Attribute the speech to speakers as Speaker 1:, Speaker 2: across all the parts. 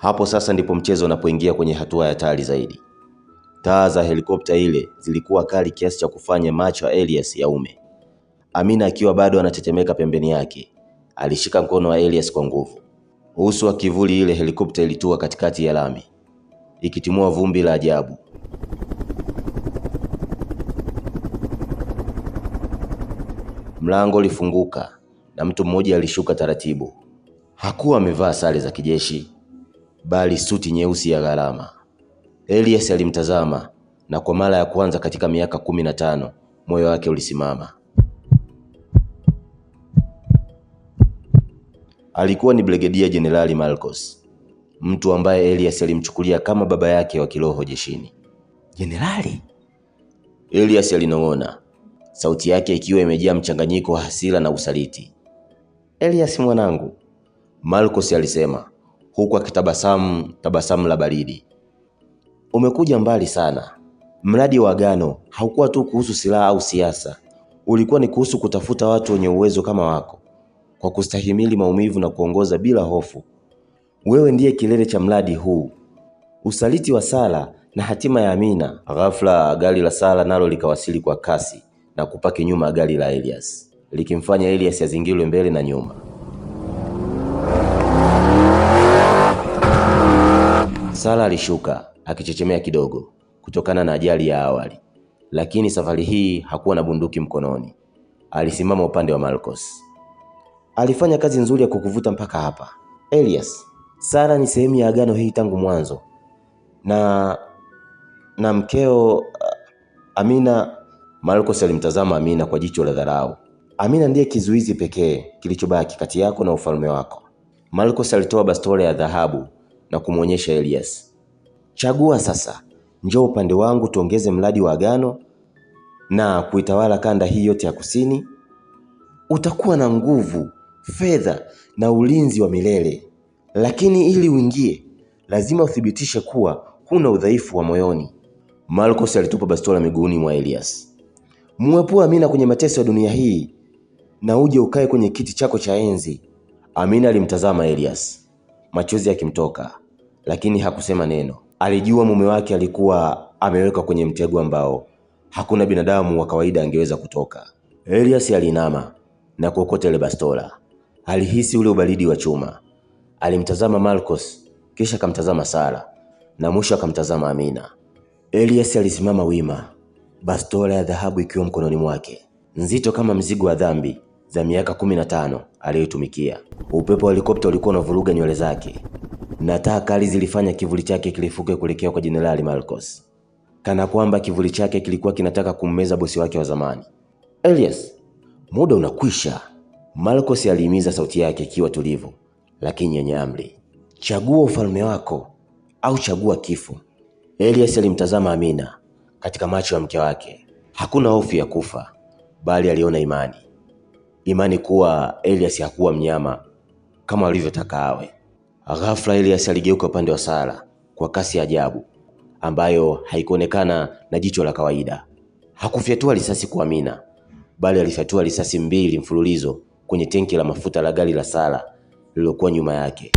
Speaker 1: Hapo sasa ndipo mchezo unapoingia kwenye hatua ya hatari zaidi. Taa za helikopta ile zilikuwa kali kiasi cha kufanya macho ya Elias yaume. Amina akiwa bado anatetemeka pembeni yake, alishika mkono wa Elias kwa nguvu. Uso wa kivuli ile helikopta ilitua katikati ya lami, ikitimua vumbi la ajabu. Mlango ulifunguka na mtu mmoja alishuka taratibu. Hakuwa amevaa sare za kijeshi bali suti nyeusi ya gharama. Elias alimtazama na kwa mara ya kwanza katika miaka kumi na tano moyo wake ulisimama. Alikuwa ni Brigedia Jenerali Marcos, mtu ambaye Elias alimchukulia kama baba yake wa kiroho jeshini.
Speaker 2: Jenerali?
Speaker 1: Elias alinong'ona, sauti yake ikiwa imejaa mchanganyiko wa hasira na usaliti. Elias mwanangu, Marcos alisema, huku akitabasamu tabasamu la baridi. Umekuja mbali sana. Mradi wa Agano haukuwa tu kuhusu silaha au siasa, ulikuwa ni kuhusu kutafuta watu wenye uwezo kama wako, kwa kustahimili maumivu na kuongoza bila hofu. Wewe ndiye kilele cha mradi huu. Usaliti wa Sara na hatima ya Amina. Ghafla gari la Sara nalo likawasili kwa kasi na kupaki nyuma gari la Elias, likimfanya Elias azingirwe mbele na nyuma. Sala alishuka akichechemea kidogo kutokana na ajali ya awali, lakini safari hii hakuwa na bunduki mkononi. Alisimama upande wa Marcos. Alifanya kazi nzuri ya kukuvuta mpaka hapa Elias. Sara ni sehemu ya agano hii tangu mwanzo, na na mkeo uh, Amina. Marcos alimtazama Amina kwa jicho la dharau. Amina ndiye kizuizi pekee kilichobaki kati yako na ufalme wako. Marcos alitoa bastola ya dhahabu na kumwonyesha Elias, chagua sasa, njoo upande wangu tuongeze mradi wa agano na kuitawala kanda hii yote ya kusini. Utakuwa na nguvu, fedha na ulinzi wa milele, lakini ili uingie lazima uthibitishe kuwa huna udhaifu wa moyoni. Marcos alitupa bastola miguuni mwa Elias. Muepue Amina kwenye mateso ya dunia hii na uje ukae kwenye kiti chako cha enzi. Amina alimtazama Elias, machozi yakimtoka lakini hakusema neno. Alijua mume wake alikuwa ameweka kwenye mtego ambao hakuna binadamu wa kawaida angeweza kutoka. Elias alinama na kuokota ile bastola. Alihisi ule ubaridi wa chuma. Alimtazama Marcos, kisha akamtazama Sara na mwisho akamtazama Amina. Elias alisimama wima, bastola ya dhahabu ikiwa mkononi mwake, nzito kama mzigo wa dhambi za miaka kumi na tano aliyotumikia. Upepo wa helikopta ulikuwa unavuruga nywele zake, na kali zilifanya kivuli chake kilifuke kuelekea kwa Jenerali Marcos, kana kwamba kivuli chake kilikuwa kinataka kummeza bosi wake wa zamani. Elias, muda unakwisha, Marcos alihimiza, sauti yake ikiwa tulivu lakini yenye amri. Chagua ufalme wako au chagua kifo. Elias alimtazama Amina katika macho ya mke wake. Hakuna hofu ya kufa, bali aliona imani, imani kuwa Elias hakuwa mnyama kama alivyotaka awe. Ghafla Elias aligeuka upande wa Sara kwa kasi ya ajabu ambayo haikuonekana na jicho la kawaida. Hakufyatua risasi kwa Amina, bali alifyatua risasi mbili mfululizo kwenye tenki la mafuta la gari la Sara lililokuwa nyuma yake.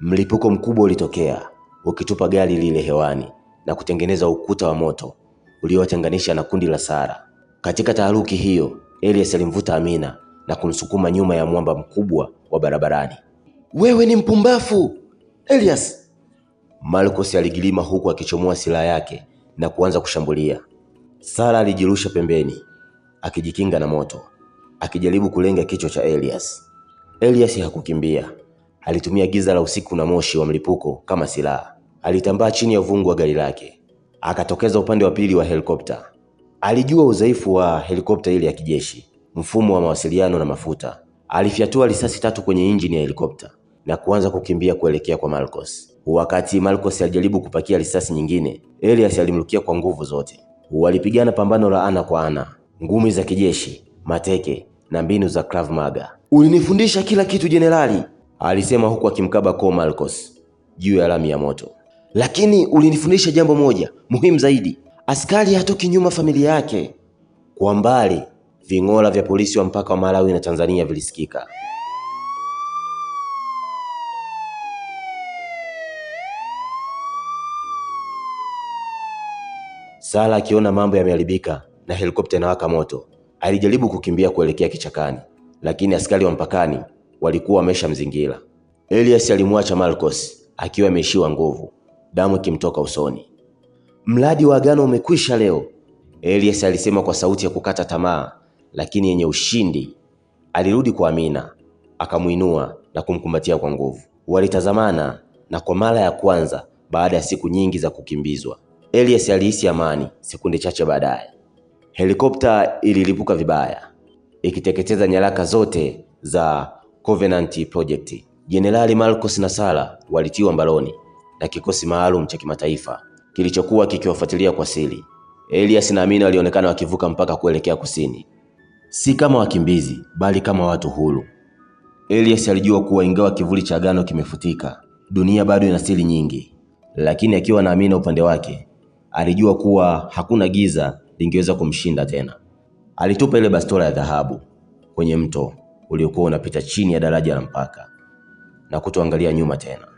Speaker 1: Mlipuko mkubwa ulitokea ukitupa gari lile hewani na kutengeneza ukuta wa moto uliowatenganisha na kundi la Sara. Katika taharuki hiyo, Elias alimvuta Amina na kumsukuma nyuma ya mwamba mkubwa wa barabarani.
Speaker 2: Wewe ni mpumbafu Elias!
Speaker 1: Marcos aligilima huku akichomoa silaha yake na kuanza kushambulia. Sara alijirusha pembeni akijikinga na moto, akijaribu kulenga kichwa cha Elias. Elias hakukimbia, alitumia giza la usiku na moshi wa mlipuko kama silaha. Alitambaa chini ya uvungu wa gari lake, akatokeza upande wa pili wa helikopta. Alijua udhaifu wa helikopta ile ya kijeshi, mfumo wa mawasiliano na mafuta. Alifyatua risasi tatu kwenye injini ya helikopta na kuanza kukimbia kuelekea kwa Marcos. Wakati Marcos alijaribu kupakia risasi nyingine, Elias alimrukia kwa nguvu zote. Walipigana pambano la ana kwa ana, ngumi za kijeshi, mateke na mbinu za Krav Maga.
Speaker 2: Ulinifundisha kila kitu jenerali,
Speaker 1: alisema huku akimkaba ko Marcos juu ya lami ya moto.
Speaker 2: Lakini ulinifundisha jambo moja muhimu zaidi, askari hatoki nyuma familia yake.
Speaker 1: Kwa mbali ving'ola vya polisi wa mpaka wa Malawi na Tanzania vilisikika. Sala akiona mambo yameharibika na helikopta inawaka moto, alijaribu kukimbia kuelekea kichakani, lakini askari wa mpakani walikuwa wameshamzingira. Elias alimwacha Marcos akiwa ameishiwa nguvu, damu ikimtoka usoni. Mradi wa agano umekwisha leo, Elias alisema kwa sauti ya kukata tamaa, lakini yenye ushindi. Alirudi kwa Amina akamwinua na kumkumbatia kwa nguvu. Walitazamana na kwa mara ya kwanza baada ya siku nyingi za kukimbizwa, Elias alihisi amani. Sekunde chache baadaye, helikopta ililipuka vibaya, ikiteketeza nyaraka zote za Covenant Project. Jenerali Marcos Nasala walitiwa mbaroni na kikosi maalum cha kimataifa kilichokuwa kikiwafuatilia kwa siri. Elias na Amina walionekana wakivuka mpaka kuelekea kusini si kama wakimbizi, bali kama watu huru. Elias alijua kuwa ingawa kivuli cha agano kimefutika, dunia bado ina siri nyingi, lakini akiwa na Amina upande wake, alijua kuwa hakuna giza lingeweza kumshinda tena. Alitupa ile bastola ya dhahabu kwenye mto uliokuwa unapita chini ya daraja la mpaka na kutoangalia nyuma tena.